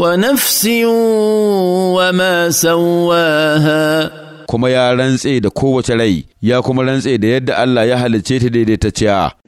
ونفس وما سواها kuma ya rantse da kowace rai ya kuma rantse da yadda Allah ya halicce ta daidaitacciya